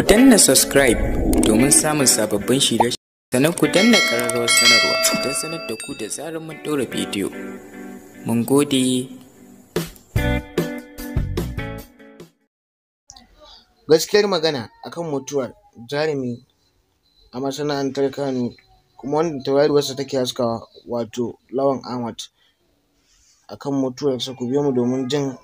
Ku danna subscribe domin samun sababbin shirye sannan ku danna ƙararrawar sanarwa don sanar da ku da zarar mun ɗora bidiyo. Mun gode. Gaskiyar magana akan mutuwar jarumi a masana'antar Kano kuma wanda tauraruwarsa take haskawa wato Lawan Ahmad akan mutuwarsa ku biyo mu domin jin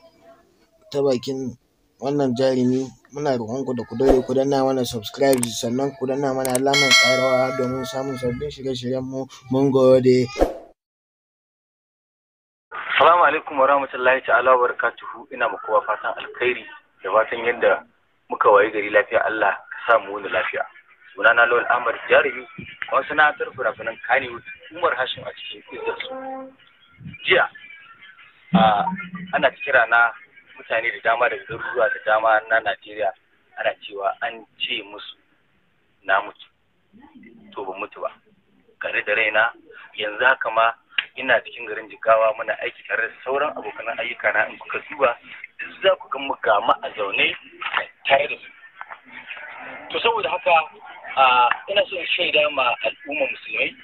ta bakin wannan jarumi muna roƙonku da ku dole ku danna mana subscribe sannan ku danna mana alamar ƙarawa domin samun sabbin shirye-shiryenmu mun gode. Salamu alaikum wa rahmatullahi ta'ala wa barakatuhu ina muku wa fatan alkhairi da fatan yadda muka wayi gari lafiya Allah ka sa mu wani lafiya. Sunana Lawal Ahmad Jarumi masana'antar fina-finan kani Umar Hashim a cikin su. Jiya ana kira na mutane da dama daga garuruwa da dama na Najeriya ana cewa an ce musu na mutu to ba mutu ba kare da raina yanzu haka ma ina cikin garin jigawa muna aiki tare da sauran abokan ayyuka na in kuka duba za ku ga a zaune tare da su to saboda haka ina son shaida ma al'umma musulmai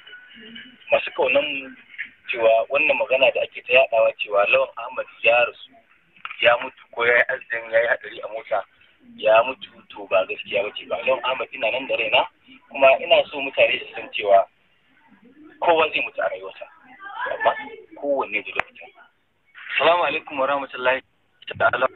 masu kaunan mu cewa wannan magana da ake ta yadawa cewa lawan ahmad ya rasu mutu ko ya yi azzin ya yi haɗari a mota ya mutu to ba gaskiya ba ce ba don Ahmad ina nan da raina kuma ina so mutane su san cewa kowa zai mutu a rayuwarsa amma kowanne da lokacin. Salamu alaikum wa rahmatullahi ta'ala